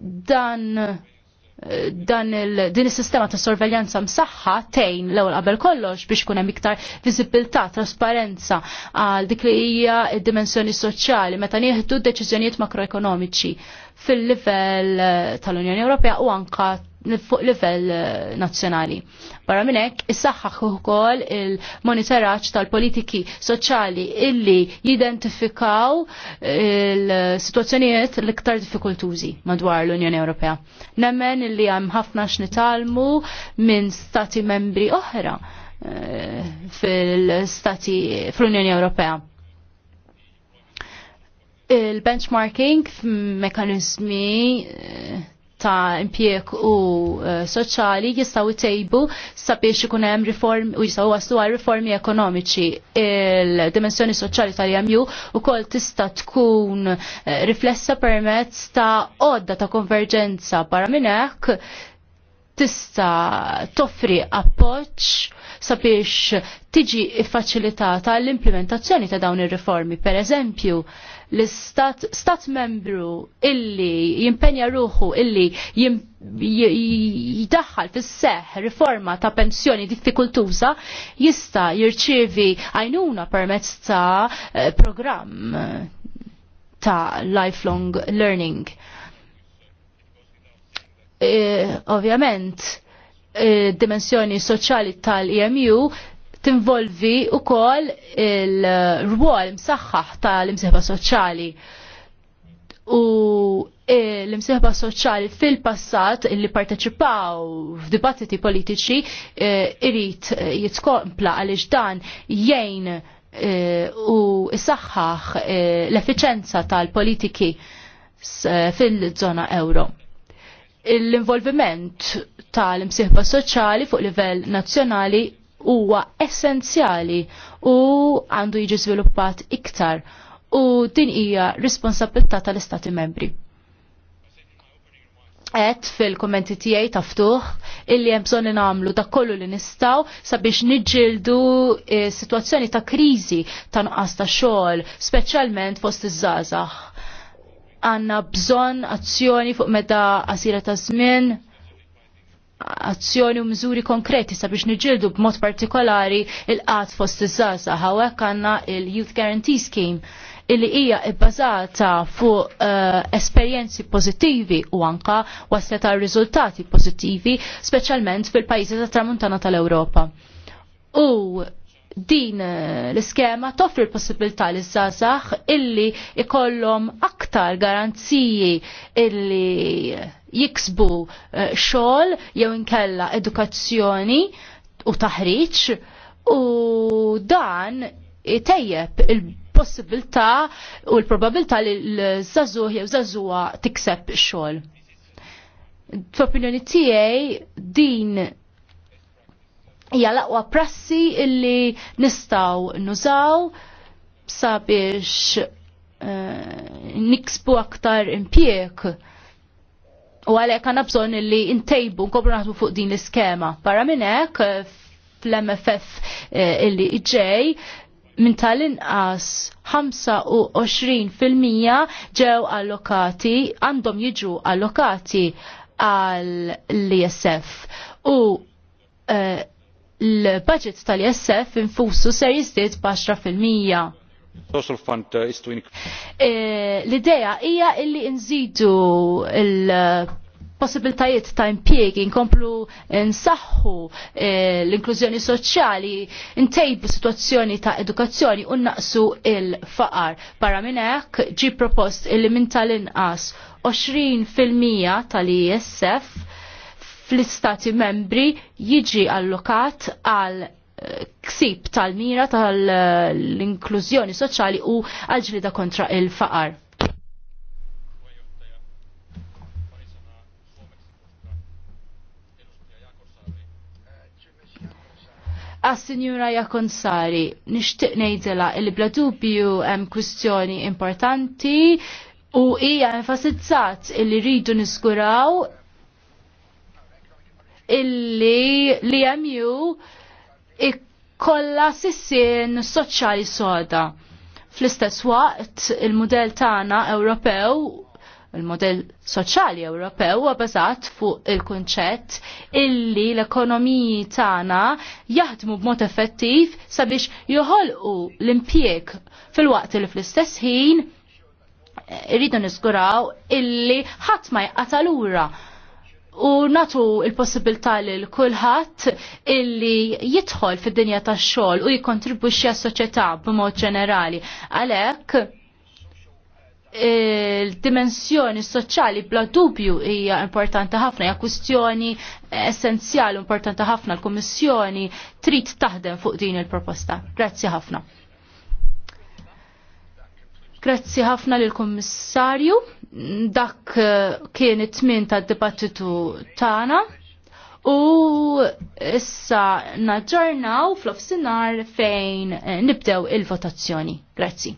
Dan dan il, din is-sistema ta' sorveljanza msaħħa tejn l-ewwel qabel kollox biex kunem hemm iktar viżibilità, trasparenza għal dik li hija d-dimensjoni soċjali meta nieħdu deċiżjonijiet makroekonomiċi fil-livell eh, tal-Unjoni Ewropea u anka fuq livell eh, nazzjonali. Barra minn hekk, is-saħħaħ ukoll il-monitoraġġ tal-politiki soċjali illi jidentifikaw il-sitwazzjonijiet l-iktar diffikultużi madwar l-Unjoni Ewropea. Nemmen illi hemm ħafna x'nitalmu minn stati membri oħra eh, fil-stati fl-Unjoni Ewropea il-benchmarking mekanizmi eh, ta' impjek u eh, soċjali jistgħu tejbu sabiex ikun hemm riform u jistgħu waslu għal riformi ekonomiċi. Il-dimensjoni soċjali tal u kol tista' tkun eh, riflessa permezz ta' odda ta' konverġenza barra minn hekk tista' toffri appoġġ sabiex tiġi iffaċilitata l-implementazzjoni ta' dawn ir-riformi. Per eżempju, l-istat stat membru illi jimpenja ruħu illi jidaħħal fis seħ riforma ta' pensjoni diffikultuża jista' jirċievi għajnuna permezz ta' eh, programm ta' lifelong learning. E, ovvjament, eh, dimensjoni soċjali tal-EMU tinvolvi wkoll il-rwol msaħħaħ tal-imsieħba soċjali u l-imsieħba soċjali fil-passat li parteċipaw f'dibattiti politiċi eh, irrit eh, jitkompla għaliex dan jgħin eh, u saħħaħ l-effiċenza tal-politiki fil-żona euro. L-involviment tal-imsieħba soċjali fuq livell nazzjonali huwa essenzjali u għandu jiġi sviluppat iktar u din hija responsabilità tal-Istati membri. Et fil-kommenti tiegħi taftuħ illi hemm bżonn nagħmlu dak kollu li nistgħu sabiex niġġieldu e, sitwazzjoni ta' kriżi ta' nuqqas ta' xogħol, speċjalment fost iż-żgħażagħ. Għandna bżonn azzjoni fuq meta qasira ta' żmien azzjoni u mżuri konkreti sabiex niġildu b'mod partikolari il-qat fost iż-żaza. Hawnhekk għandna il-Youth Guarantee Scheme illi hija bbażata fuq uh, esperjenzi pożittivi u anka waslet għal riżultati pożittivi, speċjalment fil-pajjiżi tat tramuntana tal-Ewropa. U din eh, l-iskema toffri l-possibilità li zazax illi ikollhom aktar garanziji illi jiksbu eh, xogħol jew inkella edukazzjoni u taħriġ u dan tejjeb il-possibilità u l-probabilità li l-żazuħ jew zazuwa tikseb xogħol. F'opinjoni tiegħi din hija l-aqwa prassi illi nistaw nużaw sabiex uh, niksbu aktar impjek. U għalek għanna bżon illi intejbu nkobru fuq din l-iskema. Barra minnek fl-MFF eh, illi iġej minn tal-inqas 25% ġew allokati għandhom jiġu allokati għal l-ISF. U uh, l-budget tal-ISF infusu ser jistiet b'10%. Social fund uh, is to e, L-idea hija illi nżidu il-possibiltajiet ta' impjiegi nkomplu nsaħħu e, l-inklużjoni soċjali, ntejbu situazzjoni ta' edukazzjoni u naqsu il-faqar. barra minn hekk ġi propost illi minn tal-inqas 20% tal-ISF fl-istati membri jiġi allokat għal eh, ksib tal-mira tal-inklużjoni soċjali u għal-ġlida kontra il-faqar. Għas-Sinjura ah, Jakonsari, nishtiq nejdela il-bla dubju hemm kwistjoni importanti u hija enfasizzat li rridu niskuraw illi l jemju ikkolla sissien soċjali soda. Fl-istess waqt il-modell tagħna Ewropew il-modell soċjali Ewropew huwa bażat fuq il-kunċett illi l-ekonomiji tagħna jaħdmu b'mod effettiv sabiex joħolqu l-impjieg fil-waqt li fl-istess ħin irridu niżguraw illi ħadd ma jqatalura u natu il-possibilità lil kulħadd illi jidħol fid-dinja tax-xogħol u jikkontribwixxi għas-soċjetà b'mod ġenerali. Għalhekk il-dimensjoni soċjali bla dubju hija importanti ħafna, hija kwistjoni essenzjali importanti ħafna l-Kummissjoni trid taħdem fuq din il-proposta. Grazzi ħafna. Grazzi ħafna lill-Kummissarju dak eh, kien it-tmin tad dibattitu tagħna u issa naġġornaw fl-ofsinar fejn eh, nibdew il-votazzjoni. Grazzi.